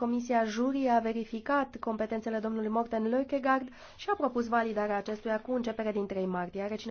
Comisia Jurii a verificat competențele domnului Morten Leukegaard și a propus validarea acestuia cu începere din 3 martie.